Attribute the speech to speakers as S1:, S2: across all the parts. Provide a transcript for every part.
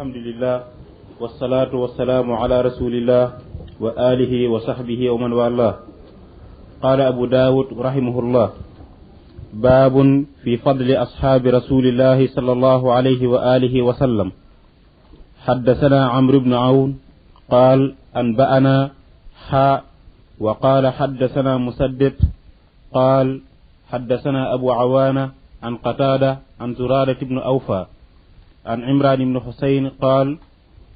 S1: الحمد لله والصلاة والسلام على رسول الله وآله وصحبه ومن والاه قال أبو داود رحمه الله باب في فضل أصحاب رسول الله صلى الله عليه وآله وسلم حدثنا عمرو بن عون قال أنبأنا حاء وقال حدثنا مسدد قال حدثنا أبو عوانة عن قتادة عن زرارة بن أوفى عن عمران بن حسين قال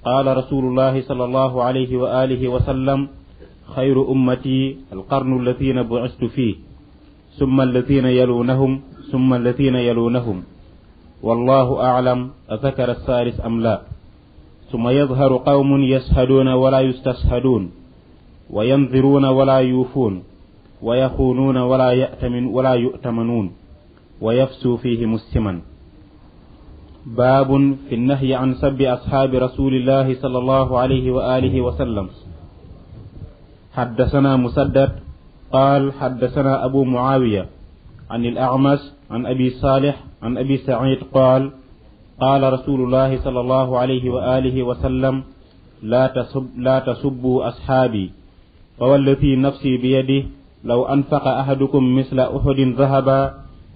S1: قال رسول الله صلى الله عليه وآله وسلم خير أمتي القرن الذين بعثت فيه ثم الذين يلونهم ثم الذين يلونهم والله أعلم أذكر الثالث أم لا ثم يظهر قوم يشهدون ولا يستشهدون وينذرون ولا يوفون ويخونون ولا يأتمن ولا يؤتمنون ويفسو فيه مسلما باب في النهي عن سب أصحاب رسول الله صلى الله عليه وآله وسلم حدثنا مسدد قال حدثنا أبو معاوية عن الأعمش عن أبي صالح عن أبي سعيد قال قال رسول الله صلى الله عليه وآله وسلم لا تسب لا تسبوا أصحابي فوالذي نفسي بيده لو أنفق أحدكم مثل أحد ذهبا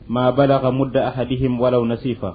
S1: ما بلغ مد أحدهم ولو نسيفا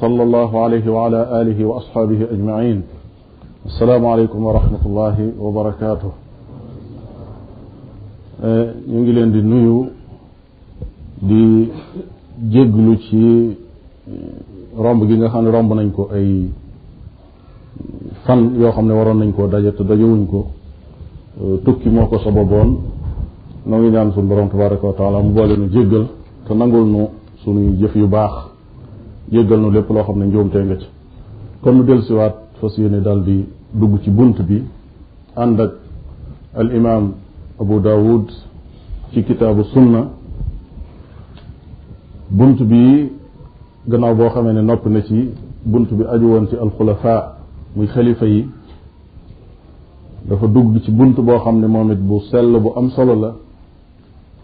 S2: صلى الله عليه وعلى آله وأصحابه أجمعين السلام عليكم ورحمة الله وبركاته يمكن أن نيو دي جيغلو شي رمب جيغا خان رمب نانكو أي فن يو خامن ورون نانكو داجت داجو نانكو توكي موكو سببون نوي نان سن برون تبارك وتعالى مبالي نو جيغل تنانغول نو سنو جيف يباخ jéggal nu lépp loo xam ne njuumte nga ci kon mu nu dellusiwaat fas yéene daal di dugg ci bunt bi ànd ak al abu daawud ci kitaabu sunna bunt bi gannaaw boo xamee ne nopp na ci bunt bi aju woon ci alxulafa muy xalifa yi dafa dugg ci bunt boo xam ne moom it bu sell bu am solo la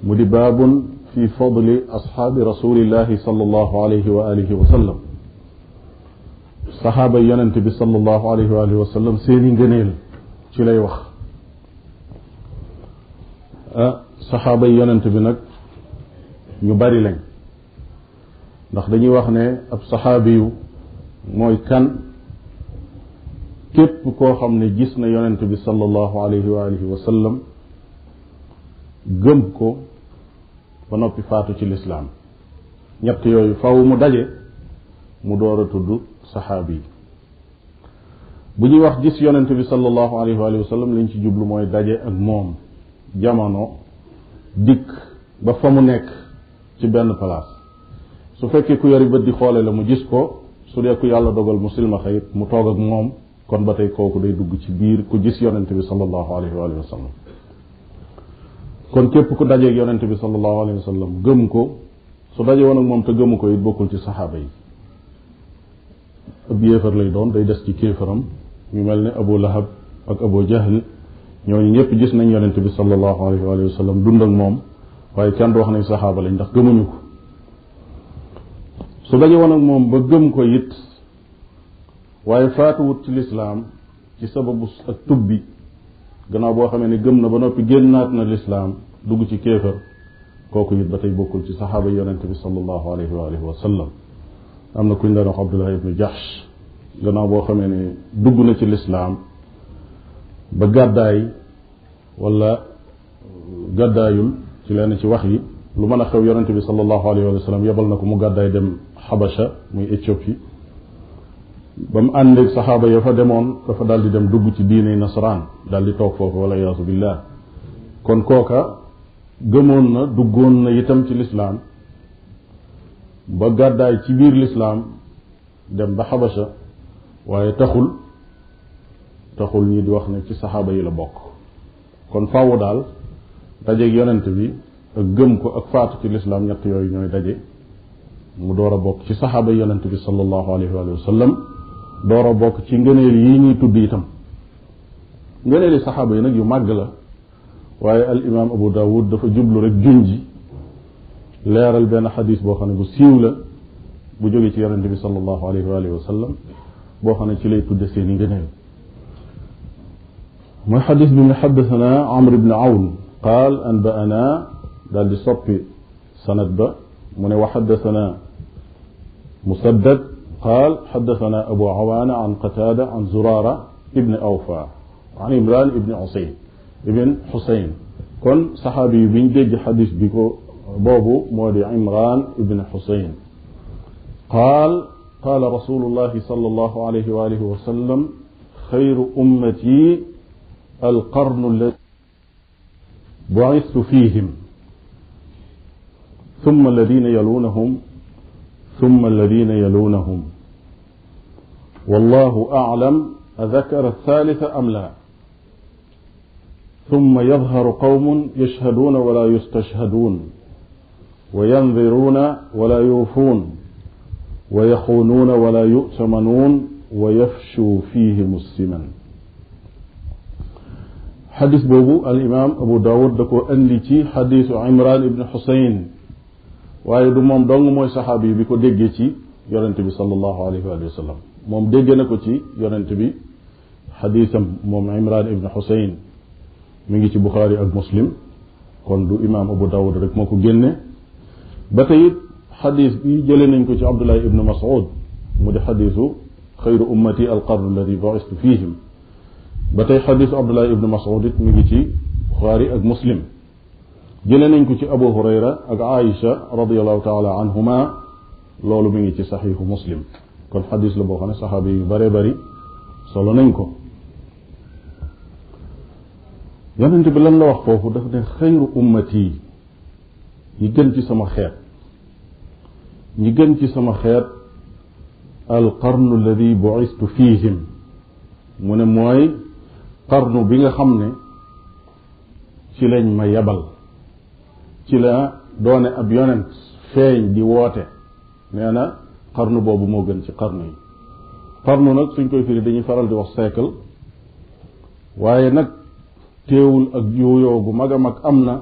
S2: mu di baabun في فضل أصحاب رسول الله صلى الله عليه وآله وسلم صحابة ينتبه صلى الله عليه وآله وسلم سيدين جنيل شلي وخ أه، صحابة ينتبه نك يباري لين نخدني وخنا أب صحابي موي كان كيف كو خمني جسنا ينتبه صلى الله عليه وآله وسلم جمكو ba noppi faatu ci lislaam ñett yooyu faw mu daje mu door a tudd saxaabi yi bu ñuy wax gis yonent bi sallallahu alayhi wa sallam ci jublu mooy daje ak moom jamono dikk ba fa mu nekk ci benn place su fekkee ku yori bët di xoole la mu gis ko su dee ku yàlla dogal mu silmaxa it mu toog ak moom kon ba tey kooku day dugg ci biir ku gis yonent bi sallallahu alayhi wa sallam kon képp ku dajeeg yonente bi sallallahu alayhi wa sallam gëm ko su daje woon ak moom te gëmu ko it bokkul ci saxaaba yi ab yéefar lay doon day des ci kéefaram ñu mel ni abu lahab ak abu jahl ñooñu ñëpp gis nañ yonente bi sallallahu alayhi wa sallam dund ak moom waaye kenn du wax nañ saxaaba lañ ndax gëmuñu ko su daje woon ak moom ba gëm ko it waaye faatuwut ci lislaam ci sababu ak tubbi gannaaw boo xamee ne gëm na ba noppi génnaat na lislaam dugg ci kéefër kooku it ba tey bokkul ci saxaaba yonente bi sallallahu alayhi wa alihi wa sallam am na kuñ daan wax abdullah ibnu jahsh gannaaw boo xamee ne dugg na ci lislaam ba gàddaay wala gàddaayul ci lenn ci wax yi lu mën a xew yonente bi sallallahu alayhi wa sallam yebal na ko mu gàddaay dem xabasha muy éthiopie bam ànde sahaba ya fa demoon dafa daal di dem dugg ci diine nasran daldi di toog foofu wala yaasu billah kon kooka gëmoon na duggoon na itam ci lislaam ba gàddaay ci biir lislaam dem ba xabasa waaye taxul taxul ñi di wax ne ci sahaba yi la bokk kon faawu daal dajeeg yonent bi ak gëm ko ak faatu ci lislaam ñett yooyu ñooy daje mu door a bokk ci saxaaba yonent bi sallallahu alayhi wa sallam دورا بوك تي نغنيل يي ني تودي تام نغنيل صحابه نك يو ماغلا واي الامام ابو داوود دا فا جوبلو رك جونجي ليرال بن حديث بو خاني بو سيولا بو جوغي تي يارن دبي صلى الله عليه واله وسلم بو خاني تي لي تودي سي نغنيل ما حديث بن حدثنا عمرو بن عون قال انبانا دال دي صبي سند با من وحدثنا مسدد قال حدثنا أبو عوان عن قتادة عن زرارة ابن أوفى عن إمران ابن عصيم ابن حسين كن صحابي بن دج حديث بكو بابو مولي عمران ابن حسين قال قال رسول الله صلى الله عليه وآله وسلم خير أمتي القرن الذي بعثت فيهم ثم الذين يلونهم ثم الذين يلونهم والله أعلم أذكر الثالث أم لا ثم يظهر قوم يشهدون ولا يستشهدون وينذرون ولا يوفون ويخونون ولا يؤتمنون ويفشو فيهم السمن حديث بوبو الإمام أبو داود دكو أندي حديث عمران بن حسين وعيد du دونغ موي صحابي بكو ديجيتي يرنتبي صلى الله عليه وآله وسلم موم دغنا كو تي يونت بي حديثم موم عمران ابن حسين ميغي تي بخاري اك مسلم كون دو امام ابو داود رك مكو ген باتاي حديث بي جيلي نانكو تي عبد الله ابن مسعود مود حديث خير امتي القرن الذي بعثت فيهم باتاي حديث عبد الله ابن مسعود ميغي تي بخاري اك مسلم جيلي نانكو تي ابو هريره اك عائشه رضي الله تعالى عنهما لولو ميغي تي صحيح مسلم kon xadis la boo xam ne saxaaba yu bare bari solo nañ ko yonent bi lan la wax foofu daf ne xayru ummati ñi gën ci sama xeet ñi gën ci sama xeet al qarnu alladi buistu fihim mu ne mooy qarnu bi nga xam ne ci lañ ma yabal ci la doone ab yonent feeñ di woote nee xarnu boobu moo gën ci xarnu yi xarnu nag suñ koy firi dañuy faral di wax siècle waaye nag teewul ak yooyoo bu mag a mag am na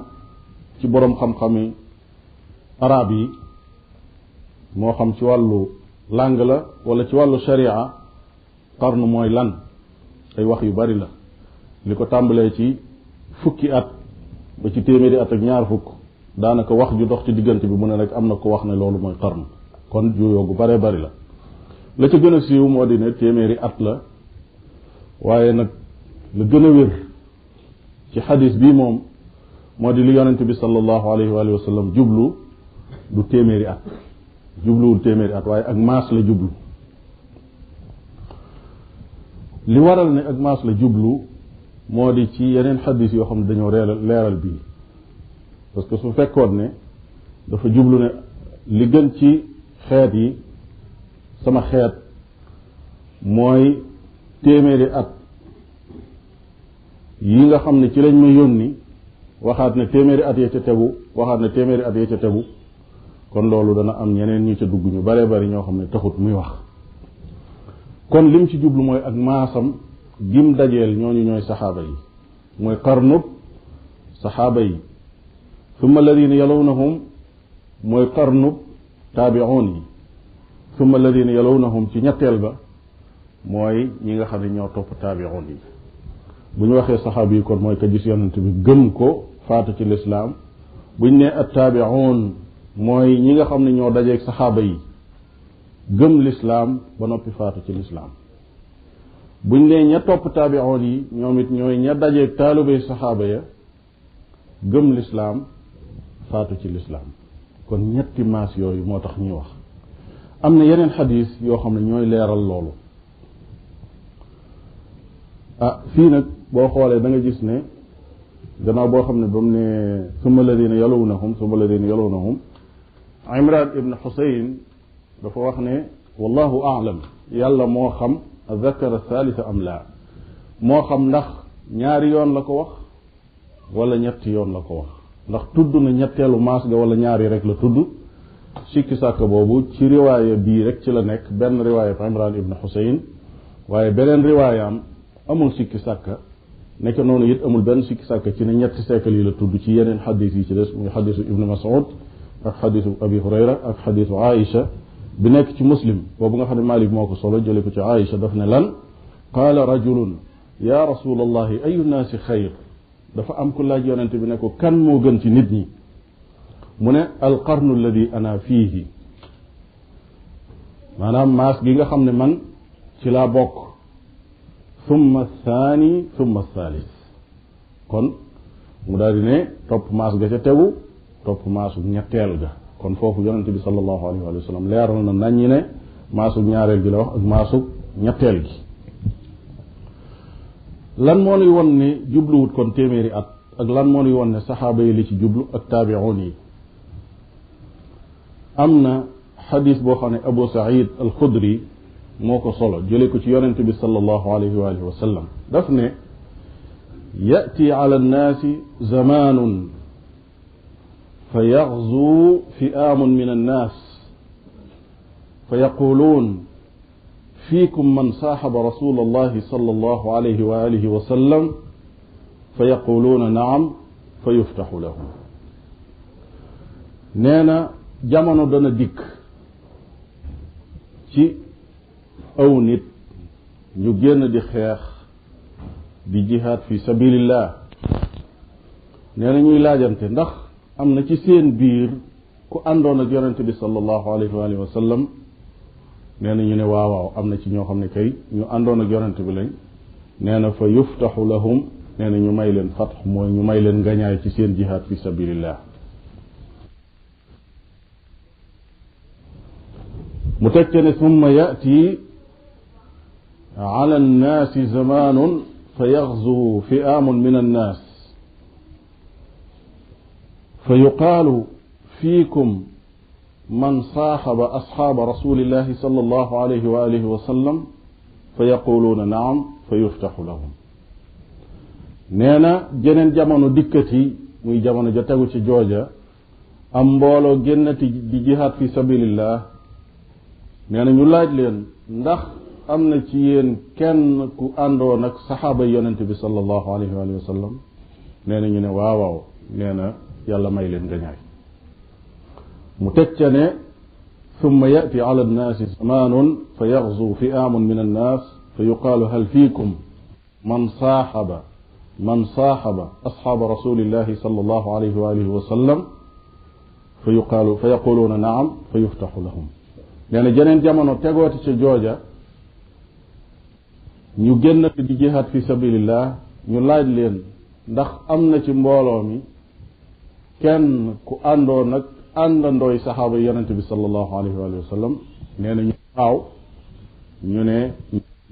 S2: ci boroom xam-xami arab yi moo xam ci wàllu langue la walla ci wàllu sharia xarnu mooy lan ay wax yu bari la li ko tàmbalee ci fukki at ba ci téeméeri at ak ñaar fukk daanaka wax ju dox ci diggante bi mu ne rek am na ko wax ne loolu mooy xarnu kon juuyoo gu bare bari la la ca gën a siiw moo di ne téeméeri at la waaye nag la gën a wér ci xadis bii moom moo di lu yonente bi sallallahu alayhi wa sallam jublu du téeméeri at jubluwul téeméeri at waaye ak maas la jublu li waral ne ak maas la jublu moo di ci yeneen xadis yoo xam ne dañoo reeral leeral bii parce que su fekkoon ne dafa jublu ne li gën ci xeet yi sama xeet mooy téeméeri at yi nga xam ne ci lañ ma yónni waxaat na téeméeri at ya ca tegu waxaat na téeméeri at ya ca tegu kon loolu dana am ñeneen ñi ca dugg ñu bare bari ñoo xam ne taxut muy wax kon lim ci jublu mooy ak maasam gim dajeel ñooñu ñooy saxaaba yi mooy qarnub saxaaba yi summa alladina yalunahum mooy qarnub taabi'un yi summa alladina yalownahum ci ñetteel ba mooy ñi nga xam ne ñoo topp taabi'un yi bu ñu waxee saxaaba yi kon mooy ka gis yonent bi gëm ko faatu ci lislaam buñ ne at taabi'un mooy ñi nga xam ne ñoo dajeeg saxaaba yi gëm lislaam ba noppi faatu ci lislaam buñ ne ña topp taabi'un yi ñoom it ñooy ña dajeeg taalubay saxaaba ya gëm lislaam faatu ci lislaam kon ñetti maas yooyu moo tax ñuy wax am na yeneen xadis yoo xam ne ñooy leeral loolu ah fii nag boo xoolee da nga gis ne gannaaw boo xam ne ba mu ne suma ladina yalunahum summa ladina yalunahum imran ibn xusayn dafa wax ne wallahu aalam yàlla moo xam zakara salisa am laa moo xam ndax ñaari yoon la ko wax wala ñetti yoon la ko wax ndax tudd na ñetteelu maas ga wala ñaari rek la tudd sikki sàkk boobu ci riwaaya bii rek ci la nekk benn riwaaya fa imran ibn xuseyn waaye beneen riwaayaam amul sikki sàkk nekk noonu it amul benn sikki sàkk ci ne ñetti seekal yi la tudd ci yeneen xadis yi ci des muy xadisu ibnu mas'ud ak xadisu abi hurayra ak xadisu aïcha bi nekk ci muslim boobu nga xam ne maalik moo ko solo jële ko ci aïcha daf ne lan qaala rajulun ya rasul allahi ayu naasi xayr dafa am ku laaj yonente bi ne ko kan moo gën ci nit ñi mu ne alqarnu alladi ana fiihi maanaam maas gi nga xam ne man ci laa bokk summa saani summa kon mu daal di ne topp maas ga ca tegu topp maasu ñetteel ga kon foofu yonente bi sallallahu alayhi wa sallam leeral na nañ ñi ne maasug ñaareel gi la wax ak maasug ñetteel gi lan moo nuy won ne jubluwut kon téeméeri at ak lan moo nuy won ne saxaaba yi li ci jublu ak taabiun yi am na xadis boo xam ne abu saïd al xudri moo ko solo jële ko ci yonente bi salallahu alayhi wa alihi wa sallam daf ne yati ala annaasi zamanun fa yaxzuu fi'aamun min annaas fa yaquluun فيكم من صاحب رسول الله صلى الله عليه وآله وسلم فيقولون نعم فيفتح لهم نانا جمانو دانا ديك تي او نيت نيو دي خيخ دي جهاد في سبيل الله نانا نيو لاجانتي ناخ امنا تي سين بير كو اندون يونس بي صلى الله عليه واله وسلم nee ñu ne waaw waaw am na ci ñoo xam ne kay ñu àndoon ak yonent bi lañ nee na fa yuftaxu lahum nee na ñu may leen fatx mooy ñu may leen ngañaay ci seen jihaad fi sabilillah mu teg ne summa yati ala annaasi zamanun fa yaxzu fi'aamun min annaas fa yuqaalu fiikum من صاحب أصحاب رسول الله صلى الله عليه وآله وسلم فيقولون نعم فيفتح لهم نانا جنن جمانو دكتي مي جمانو جتاكو چه جوجا أمبالو جنة بجهات في سبيل الله نانا نولاج لين ندخ أمنا چيين كن كو أندو نك صحابة يننتي بي صلى الله عليه وآله وسلم نانا نانا واواو نانا يالا مايلين جنعي متتنة ثم يأتي على الناس زمان فيغزو فئام من الناس فيقال هل فيكم من صاحب من صاحب أصحاب رسول الله صلى الله عليه وآله وسلم فيقال فيقولون نعم فيفتح لهم لأن جنين جمانو تقوات جوجا ñu génn di jihaat fi sabilillah ñu laaj leen ndax am na ci mbooloo mi kenn ku àndandooy saxaaba yonente bi sallallahu alayhi wa sallam nee na ñu waaw ñu ne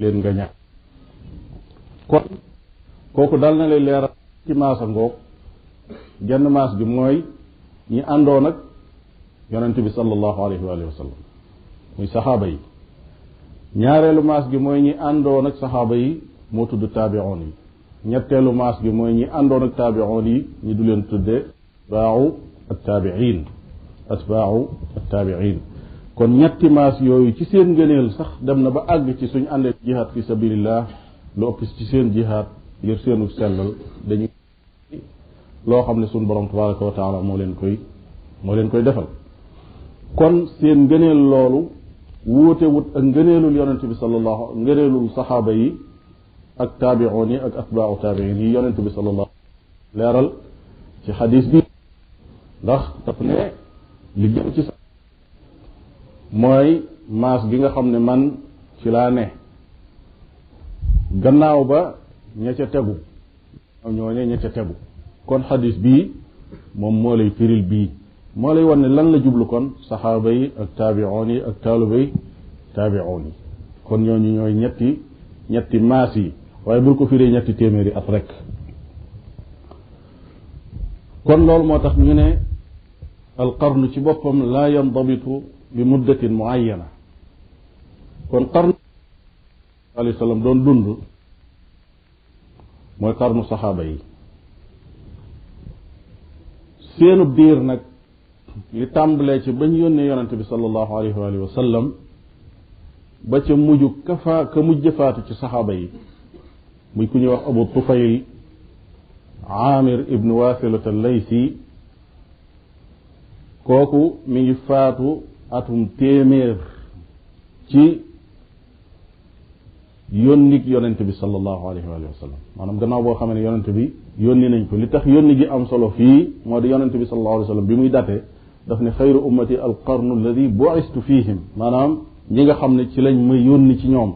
S2: leen nga ñàkk kon kooku dal na lay leeral ci maasa ngoog genn maas gi mooy ñi àndoon ak yonente bi sallallahu alayhi wa sallam muy saxaaba yi ñaareelu maas gi mooy ñi àndoon ak saxaaba yi moo tudd taabiroon yi ñetteelu maas gi mooy ñi àndoon ak taabiroon yi ñi du leen tudde baaxu ak أتباع التابعين كون نيتي ماس يوي سي سين غنيل صاح دمنا با اغ سي سوني اندي جهاد في سبيل الله لو اوبس سي سين جهاد يير سينو سنال داني لو خامني سون بروم تبارك وتعالى مولين كوي مولين كوي ديفال كون سين غنيل لولو wote wut ak ngeneelul yonente bi sallallahu ngeneelul sahaba yi ak tabi'uni ak asba'u tabi'in yi yonente bi sallallahu leral ci hadith bi ndax dafa ne li gën ci sa mooy maas gi nga xam ne man ci ne gannaaw ba ña ca tegu ñooñe ña ca tegu kon xadis bii moom moo lay firil bii moo lay wan ne lan la jublu kon saxaaba yi ak taabiroon yi ak taalibay taabiroon yi kon ñooñu ñooy ñetti ñetti maas yi waaye bul ko firee ñetti téeméeri at rek kon loolu moo tax ñu ne القرن شي لا ينضبط بمده معينه والقرن قرن عليه السلام دون دوند موي قرن صحابي يي سينو بير نك لي تامبلي بن يوني يونت صلى الله عليه واله وسلم با موجو كفا كمج صحابي شي صحابه يي ابو طفيل عامر ابن واثله الليثي kooku mi ngi faatu atum téeméer ci yónnik yonent bi salallahu alayhi wa sallam maanaam gannaaw boo xamee ne yonente bi yónni nañ ko li tax yónni gi am solo fii moo di yonente bi salallahu alayhi wa sallam bi muy date daf ne xayru ummati al qarnu alladi buistu fihim maanaam ñi nga xam ne ci lañ ma yónni ci ñoom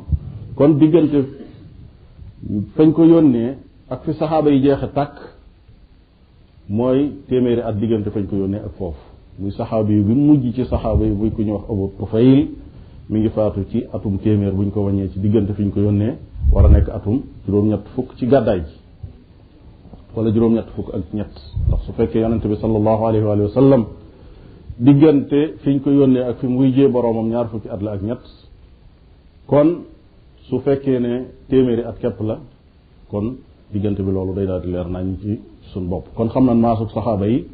S2: kon diggante fañ ko yónnee ak fi saxaaba yi jeexe tàkk mooy téeméeri at diggante fañ ko yónnee ak foofu muy saxaaba yi bi mujj ci saxaaba yi buy ku ñu wax Abu Tufayl mi ngi faatu ci atum téeméer buñ ko wàññee ci diggante fi ñu ko yónnee war a nekk atum juróom-ñett fukk ci gàddaay ji wala juróom-ñett fukk ak ñett ndax su fekkee yonente bi sallallahu alayhi wa sallam diggante fi ñu ko yónnee ak fi mu wujjee boroomam ñaar fukki at la ak ñett kon su fekkee ne téeméeri at képp la kon diggante bi loolu day daal di leer ñu ci suñ bopp kon xam na maasug saxaaba yi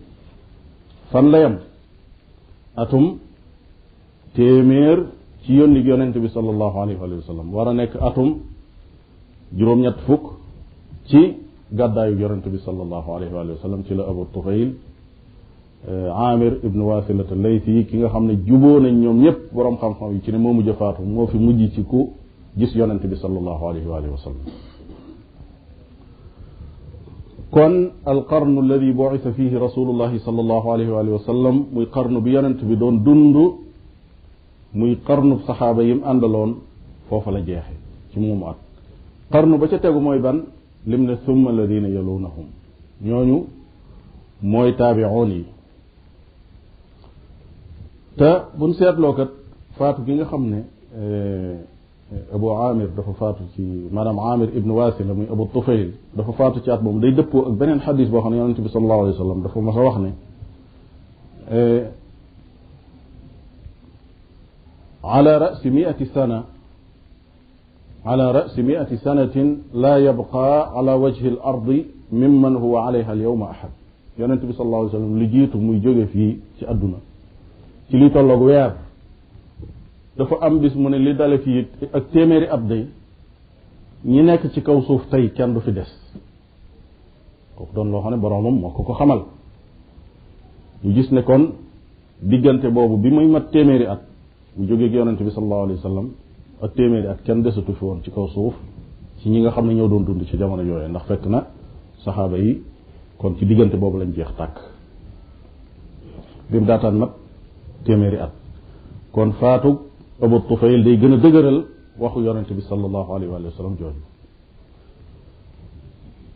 S2: fan la atum téeméer ci yónni yonent bi sallallahu alayhi wa sallam war a nekk atum juróom-ñett fukk ci gàddaayu yonent bi sallallahu alayhi wa sallam ci la abu tufayl amir ibnu wasilat laythi ki nga xam ne juboo nañ ñoom ñëpp borom xam-xam yi ci ne moo mujj faatu moo fi mujj ci ku gis yonent bi sallallahu alayhi wa sallam kon alqarnu alladi buisa fihi rasulullahi sallallahu alayhi wa alihi wa sallam muy qarnu bi yonent bi doon dund muy qarnu saxaaba yim àndaloon foofa la jeexe ci moomu at qarnu ba ca tegu mooy ban lim ne summa alladina yalunahum ñooñu mooy taabiroon yi te buñ seetloo kat faatu gi nga xam ne eh, Abu Amir dafa faatu ci maanaam Amir ibn Wasil la muy Abu Tufayl dafa faatu ci at boobu day dëppoo ak beneen xadis boo xam ne yonente bi sallallahu alayhi wa sallam dafa mas a wax ne ala rasi miati sana ala rasi miati sanatin la yabqa ala wajhi al ardi mimman huwa alayha al yawma ahad yonente bi sallallahu alayhi wa sallam lu jiitu muy jóge fii ci àdduna ci li tolloog weer dafa am bis mu ne li dale fii ak téeméeri ab day ñi nekk ci kaw suuf tey kenn du fi des kooku doon loo xam ne boroomam moo ko ko xamal ñu gis ne kon diggante boobu bi muy mat téeméeri at mu jógeeg yonente bi salallahu alayhi wa sallam ak téeméeri at kenn desatu fi woon ci kaw suuf ci ñi nga xam ne ñoo doon dund ci jamono yooyu ndax fekk na saxaaba yi kon ci diggante boobu lañ jeex tàkk bi mu daataan mat téeméeri at kon faatug Abu Tufayl day gën a dëgëral waxu yonente bi sallallahu alayhi wa sallam jooju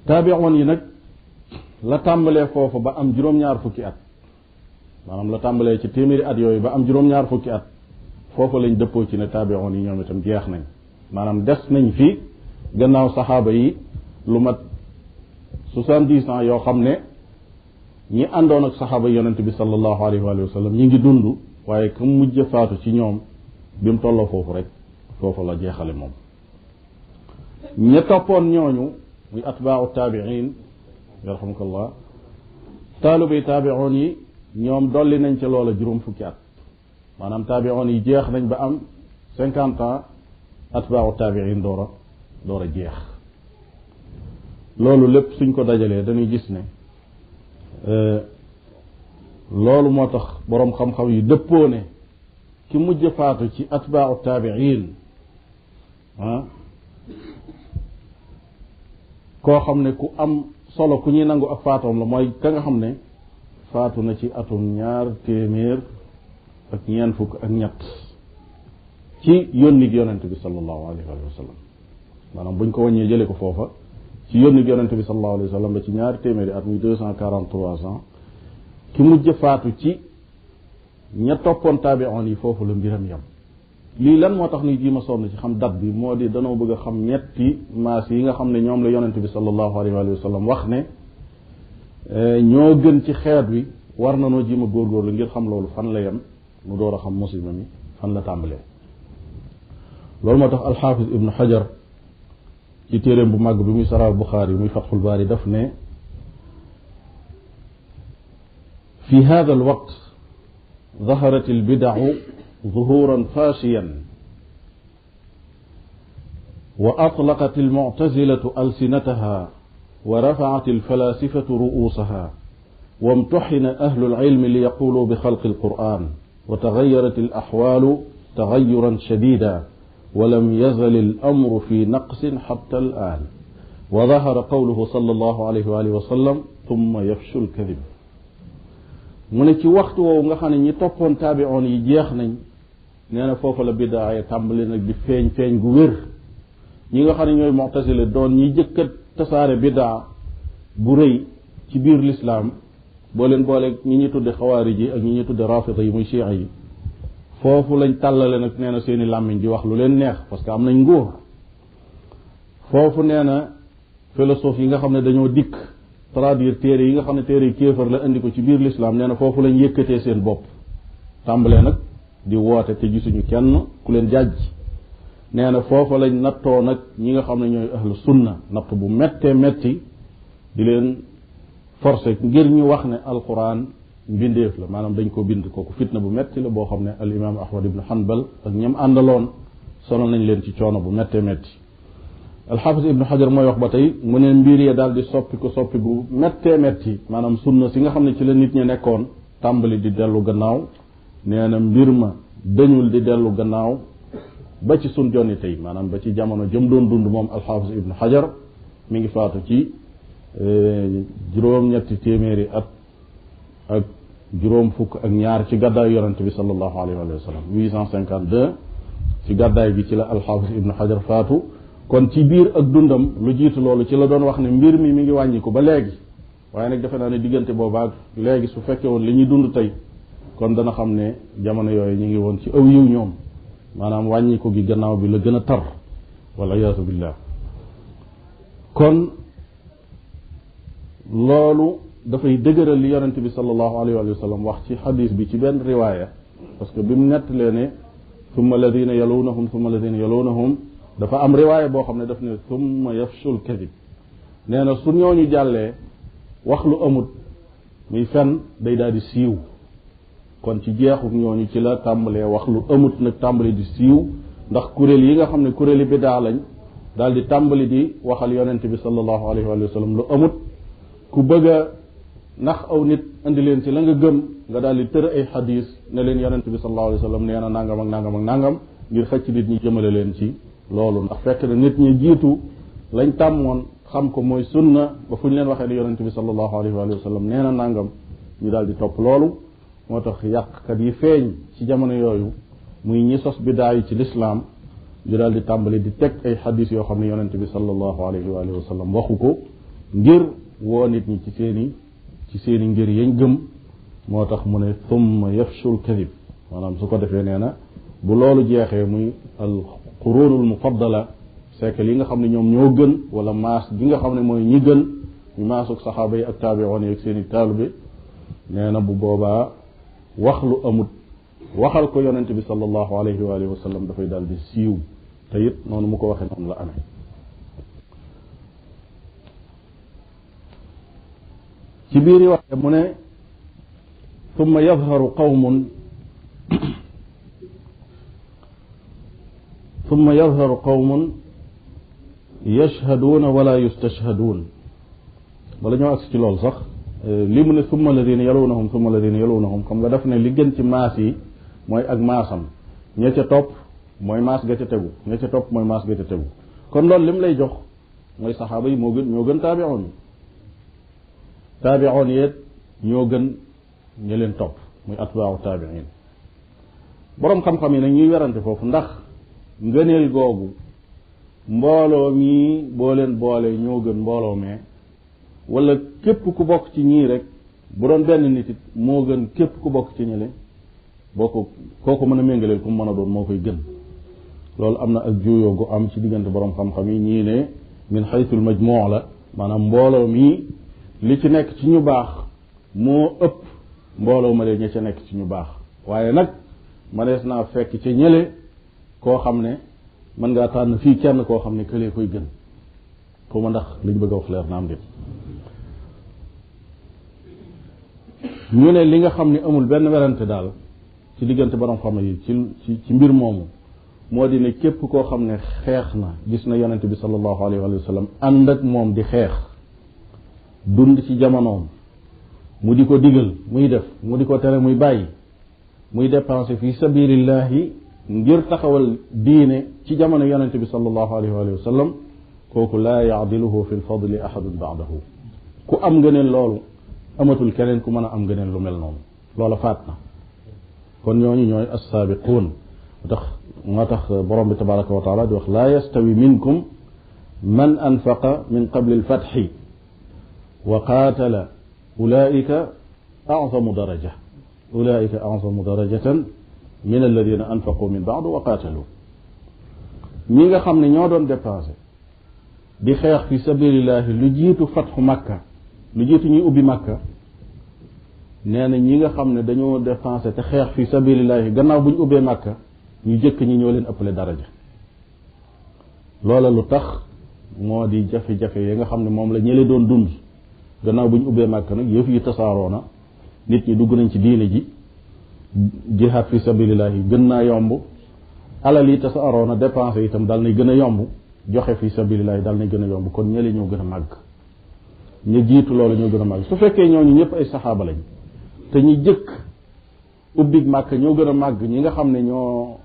S2: taabiwoon yi nag la tàmbalee foofu ba am juróom-ñaar fukki at maanaam la tàmbalee ci téeméeri at yooyu ba am juróom-ñaar fukki at foofu lañ dëppoo ci ne taabiwoon yi ñoom itam jeex nañ maanaam des nañ fi gannaaw saxaaba yi lu mat soixante ans yoo xam ñi àndoon ak saxaaba yonente bi sallallahu alayhi wa sallam ñi ngi dund waaye ku mujj faatu ci ñoom bim mu fofu rek fofu la jeexale mom ñi toppoon ñooñu muy atba'u tabi'in yarhamukallah talibi taabiun yi ñoom dolli nañ ci loolu juróom fukki at manam taabiun yi jeex nañ ba am 50 ans atba'u tabi'in dora dora jeex loolu lépp suñ ko dajale dañuy gis ne euh loolu moo tax boroom xam-xam yi dëppoo ne ki mujj faatu ci atbaaru taabiin ah koo xam ne ku am solo ku ñuy nangu ak faatoom la mooy ka nga xam ne faatu na ci atum ñaar téeméer ak ñeen fukk ak ñett ci yónnig yonente bi salallahu alayhi wa sallam maanaam buñ ko wàññee jële ko foofa ci yónnig yonente bi salallahu alayhi wa sallam ba ci ñaar téeméeri at muy deux cent quarante trois ans ki mujj faatu ci ña toppoon taabion yi foofu la mbiram yam lii lan moo tax ñuy jii ma sonn ci xam date bi moo di danoo bëgg a xam ñetti maas yi nga xam ne ñoom la yonente bi salallahu alayhi wa sallam wax ne ñoo gën ci xeet wi war na noo jima góorgóorlu ngir xam loolu fan la yem mu door a xam musiba mi fan la tàmbalee loolu moo tax alxaafis ibnu xajar ci téeréem bu màgg bi muy saral buxaari muy fatxul baari daf ne fi hada alwaqt ظهرت البدع ظهورا فاشيا وأطلقت المعتزلة ألسنتها ورفعت الفلاسفة رؤوسها وامتحن أهل العلم ليقولوا بخلق القرآن وتغيرت الأحوال تغيرا شديدا ولم يزل الأمر في نقص حتى الآن وظهر قوله صلى الله عليه وآله وسلم ثم يفشو الكذب mu ne ci waxtu woowu nga xam ne ñi toppoon taabi'oon yi jeex nañ nee na foofu la biddaa yi tàmbali nag di feeñ feeñ gu wér ñi nga xam ne ñooy mu'tasila doon ñi jëkkat tasaare biddaa bu rëy ci biir lislaam boo leen boolee ñi ñuy tudde xawaarij yi ak ñi ñuy tudde rafida yi muy chia yi foofu lañ tàllale nag nee na seeni làmmiñ di wax lu leen neex parce que am nañ nguur foofu nee na philosophe yi nga xam ne dañoo dikk traduire téere yi nga xam ne téere kéefar la indi ko ci biir lislaam nee na foofu lañ yëkkatee seen bopp tàmbalee nag di woote te gisuñu kenn ku leen jàjj nee na foofa lañ nattoo nag ñi nga xam ne ñooy ahlu sunna natt bu mettee metti di leen forcé ngir ñu wax ne alquran mbindeef la maanaam dañ ko bind kooku fitna bu metti la boo xam ne al imam ahmad ibn hanbal ak ñam àndaloon sonal nañ leen ci coono bu méttee métti alxaafis ibnu xajar mooy wax ba tey mu ne mbir ya daal di soppi ko soppi bu méttee métti maanaam sunna si nga xam ne ci la nit ñi nekkoon tàmbali di dellu gannaaw nee na mbir ma dañul di dellu gannaaw ba ci sun jonni tey maanaam ba ci jamono jëm doon dund moom alxaafis ibnu xajar mi ngi faatu ci e, juróom-ñetti téeméeri ak juróom fukk ak ñaar ci gàddaay yonent bi sallallahu alayhi wa sallam 852 ci gàddaay gi ci la alxaafis ibnu xajar faatu kon ci biir ak dundam lu jiitu loolu ci la doon wax ne mbir mi mi ngi wàññiku ba léegi waaye nag defe naa ne diggante boobaag léegi su fekkee woon li ñuy dund tey kon dana xam ne jamono yooyu ñu ngi woon ci aw yiw ñoom maanaam wàññiku gi gannaaw bi la gën a tar wala yaasu billah kon loolu dafay dëgëral li yonente bi salallahu alayhi wa sallam wax ci xadis bi ci benn riwaaya parce que bi mu nettalee ne thumma alladina yalunahum thumma alladina yalunahum dafa am riwaaya boo xam ne daf ne summa yafshul kadib nee na su ñooñu jàllee wax lu amut muy fen day daal di siiw kon ci jeexu ñooñu ci la tàmbalee wax lu amut nag tàmbali di siiw ndax kuréel yi nga xam ne kuréeli bidaa lañ daal di tàmbali di waxal yonente bi sallallahu alayhi wa sallam lu amut ku bëgg a nax aw nit indi leen ci la nga gën nga daal di tër ay xadis ne leen yonente bi sallallahu alayhi wa sallam nàngam na nangam ak nàngam ak nangam ngir xëcc nit ñi jëmale ci loolu ndax fekk na nit ñi jiitu lañ tàmmoon xam ko mooy sunna ba fu ñu leen waxee ne yonente bi sallallahu alayhi wa sallam nee na nangam ñu daal di topp loolu moo tax yàq yàqkat yi feeñ ci jamono yooyu muy ñi sos bidaa yi ci lislaam ñu daal di tàmbali di teg ay xadis yoo xam ne yonente bi sallallahu alayhi wa sallam waxu ko ngir woo nit ñi ci seeni ci seeni ngir yañ gëm moo tax mu ne thumma yafshul kadib maanaam su ko defee nee na bu loolu jeexee muy al قرون المفضلة سيكل ينغا خامني نيوم نيو گن ولا ماس بيغا خامني موي ني گن ني ماسوك صحابه اك نينا بو بوبا واخلو اموت واخال كو يونتي بي صلى الله عليه واله وسلم دا فاي دال دي سيو تايت نونو موكو واخي نون لا امي سيبيري واخ ثم يظهر قوم summa yazharu qawmun yashhaduuna wala yustashhaduun bala ñoo agsi ci loolu sax li mu ne summa alladina yalunahum summa alladina yalunahum xam nga daf ne li gën ci maas yi mooy ak maasam ña ca topp mooy maas ga ca tegu ña ca topp mooy maas ga ca tegu kon loolu lim lay jox mooy saxaaba yi moo gën ñoo gën taabiroon yi taabiroon yeet ñoo gën ña leen topp muy atbaaru taabirin boroom xam-xam yi nag ñuy werante foofu ndax ngëneel googu mbooloo mii boo leen boole ñoo gën mbooloo mee wala képp ku bokk ci ñii rek bu doon benn nit it moo gën képp ku bokk ci ñële boo ko koo ko mën a méngaleel ku mu mën a doon moo koy gën loolu am na ak juuyoo gu am ci diggante borom xam-xam yi ñii ne min xaytul majmoo la maanaam mbooloo mii li ci nekk ci ñu baax moo ëpp mbooloo ma lee ña ca nekk ci ñu baax waaye nag manees naa fekk ca ñële koo xam ne mën ngaa tànn fii kenn koo xam ne kële koy gën xaw ma ndax liñ bëgg a wax leer na am déet ñu ne li nga xam ne amul benn werante daal ci diggante borom xam yi ci ci mbir moomu moo di ne képp koo xam ne xeex na gis na yonente bi sallallahu alayhi wa sallam ànd ak moom di xeex dund ci jamonoom mu di ko digal muy def mu di ko tere muy bàyyi muy dépenser fi sabilillahi ngir taxawal diine ci jamono yonente bi sal allahu alayhi wa sallam kooku laa yadiluhu fi lfadli ahadun baadahu ku am ngëneen loolu amatul keneen ku mën a am ngëneen lu mel noonu loola faat na kon ñooñu ñooy assaabiquun tax moo tax borom bi tabaraka wa taala di wax laa yastawi minkum man anfaqa min qabli lfatxi wa qaatala ulaika acamu daraja ulaika acamu darajatan min alladina anfaqu min baadu wa qaatalu ñi nga xam ne ñoo doon dépensé di xeex fi sabilillahi lu jiitu fatxu makka lu jiitu ñuy ubbi makka nee na ñi nga xam ne dañoo dépensé te xeex fi sabilillahi gannaaw bu ñu ubbee makka ñu jëkk ñi ñoo leen ëppale daraja loola lu tax moo di jafe-jafe yi nga xam ne moom la ñële doon dund gannaaw bu ñu ubbee makka nag yëf yi tasaaroo na nit ñi dugg nañ ci diine ji jihaad fi sabilillahi gën naa yomb alal yi te sa aroon a dépensé itam dal nay gën a yomb joxe fi sabilillahi dal nay gën a yomb kon ñële ñoo gën a màgg ñu jiitu loolu ñoo gën a màgg su fekkee ñooñu ñëpp ay saxaaba lañ te ñu jëkk ubbig màkk ñoo gën a màgg ñi nga xam ne ñoo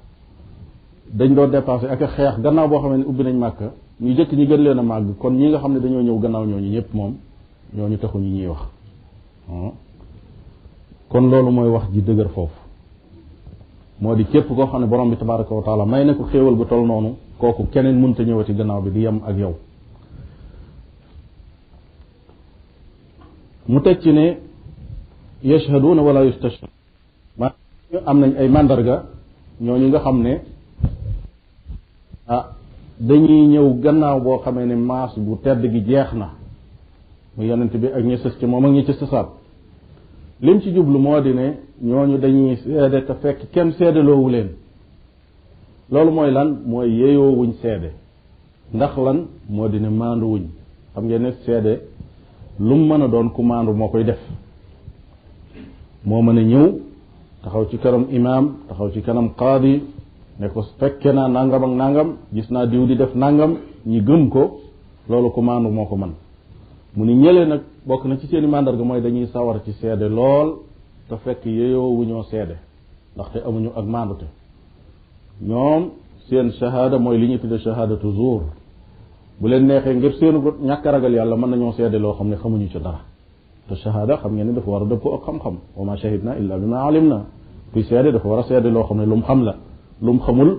S2: dañ doo dépensé ak xeex gannaaw boo xam ne ubbi nañ màkk ñu jëkk ñi gën leen a màgg kon ñi nga xam ne dañoo ñëw gannaaw ñooñu ñëpp moom ñoo ñu taxu ñu ñuy wax kon loolu mooy wax ji dëgër foofu moo di képp koo xam ne borom bi tabaraka wa may na ko xéewal gu tol noonu kooku keneen mënta ñëwati gannaaw bi di yem ak yow mu teg ci ne yashhaduuna wala yustashhad ma am nañ ay màndarga ñoo ñooñu nga xam ne ah dañuy ñëw gannaaw boo xamee ne maas bu tedd gi jeex na mu yonent bi ak ñi sës ci moom ak ñi ci sësaat lim ci jublu moo di ne ñooñu dañuy seede te fekk kenn seedaloowu leen loolu mooy lan mooy yeeyoo wuñ seede ndax lan moo di ne maandu wuñ xam ngeen ne seede lu mu mën a doon ku maandu moo koy def moo mën a ñëw taxaw ci kanam imaam taxaw ci kanam qaadi ne ko fekke naa nangam ak nangam gis naa diw di def nangam ñi gëm ko loolu ku moo ko man mu ni ñëlee nag bokk na ci seeni màndarga mooy dañuy sawar ci seede lool te fekk yeyoo wu ñoo seede ndaxte amuñu ak màndute ñoom seen shahada mooy li ñuy tudde shahadatu zuur bu leen neexee ngir seenu ñàkk ragal yàlla mën nañoo sedd loo xam ne xamuñu ci dara te shahada xam ngeen ne dafa war a dëpp ak xam-xam wa ma shahidna illa bima alimna kuy seede dafa war a seede loo xam ne lu mu xam la lu mu xamul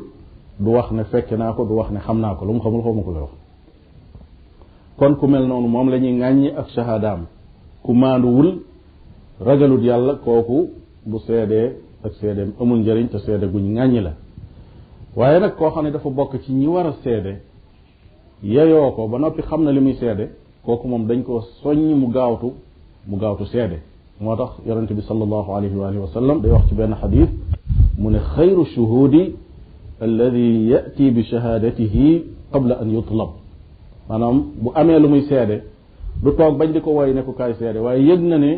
S2: du wax ne fekk naa ko du wax ne xam naa ko lu mu xamul xamu ko lay kon ku mel noonu moom la ñuy ŋàññi ak shahadaam ku maanduwul ragalut yàlla kooku bu seedee ak seedeem amul njëriñ te seede guñ ŋàññi la waaye nag koo xam ne dafa bokk ci ñi war a seede yeyoo ko ba noppi xam na li muy seede kooku moom dañ koo soññ mu gaawtu mu gaawtu seede moo tax yonente bi salallahu alayhi wa alihi wa sallam day wax ci benn xadis mu ne xayru shuhudi alladi yati bi shahadatihi qabla an yutlab maanaam bu amee lu muy seede du toog bañ di ko woy ne ko kaay seede waaye yëg na ne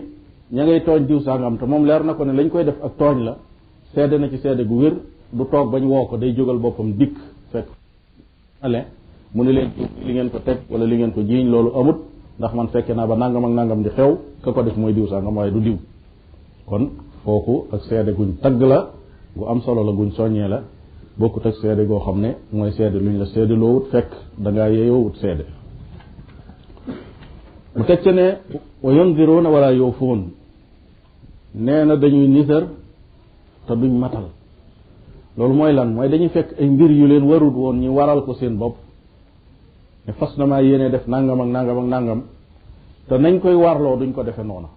S2: ña ngay tooñ diw sàngam te moom leer na ko ne lañ koy def ak tooñ la sedd na ci seede gu wér du toog bañ woo ko day jógal boppam dikk fekk ale mu ne leen li ngeen ko teg wala li ngeen ko jiiñ loolu amut ndax man fekke naa ba nangam ak nangam di xew ka ko def mooy diw sàngam waaye du diw kon kooku ak seede guñ tagg la gu am solo la guñ soññee la bokkut ak seede goo xam ne mooy seede luñ la seede loo wut fekk dangaa yeyoo wut seede mu teg ca ne wa yandiruuna wala yowfuun nee na dañuy nisar te duñ matal loolu mooy lan mooy dañuy fekk ay mbir yu leen warut woon ñu waral ko seen bopp ne fas na maa yéene def nangam ak nangam ak nangam te nañ koy warloo duñ ko defe noona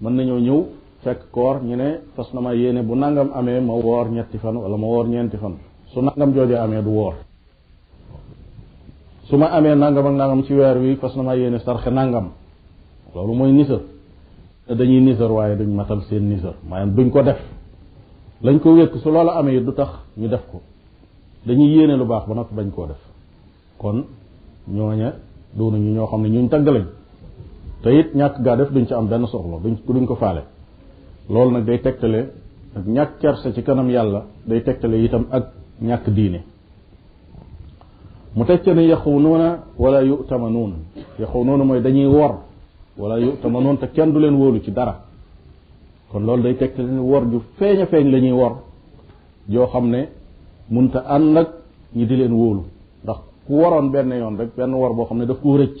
S2: mën nañoo ñëw fekk koor ñu ne fas na ma yéene bu nangam amee ma woor ñetti fan wala ma woor ñeenti fan su nangam joojee amee du woor su ma amee nangam ak nangam ci weer wi fas na ma yéene sarxe nangam loolu mooy nisër te dañuy nisër waaye duñ matal seen nisër maanaam duñ ko def lañ ko wékk su loola amee du tax ñu def ko dañuy yéene lu baax ba bañ koo def kon ñooña doonuñu ñoo xam ne ñuñ tagg lañ te it ñàkk gaa def duñ ci am benn soxla duñ duñ ko faale loolu nag day tegtale ak ñàkk kersa ci kanam yàlla day tegtale itam ak ñàkk diine mu teg ca ne yaxunuuna wala yutamanuun yaxunuuna mooy dañuy wor wala yutamanuun te kenn du leen wóolu ci dara kon loolu day tegtale ne wor ju feeñ feeñ la ñuy wor joo xam ne munta ànd ak ñi di leen wóolu ndax ku waroon benn yoon rek benn wor boo xam ne daf koo rëcc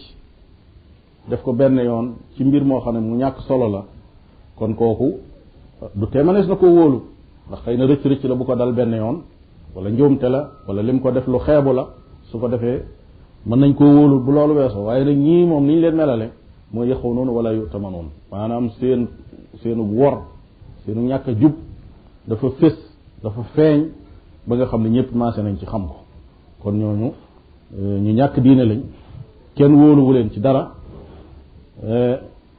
S2: def ko benn yoon ci mbir moo xam ne mu ñàkk solo la kon kooku du tee mënees na ko wóolu ndax xëy na rëcc-rëcc la bu ko dal benn yoon wala njuumte la wala lim ko def lu xeebu la su ko defee mën nañ koo wóolu bu loolu weesoo waaye nag ñii moom ni ñu leen melale mooy yëqoo noonu wala yu tamanoon maanaam seen seenu wor seenu ñàkk jub dafa fés dafa feeñ ba nga xam ne ñëpp maase nañ ci xam ko kon ñooñu euh, ñu ñàkk diine lañ kenn wóoluwu leen ci dara euh,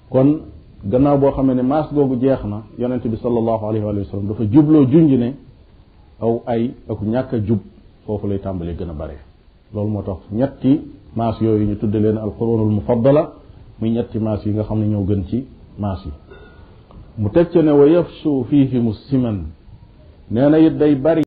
S2: kon gannaaw boo xamee ne maas googu jeex na yonente bi sallallahu alayhi wa sallam dafa jubloo junj ne aw ay ak ñàkk a jub foofu lay tàmbalee gën a bare loolu moo tax ñetti maas yooyu ñu tudde leen alqurunul mufaddala muy ñetti maas yi nga xam ne ñoo gën ci maas yi mu teg ne wa yafsu fihimu siman nee na it day bari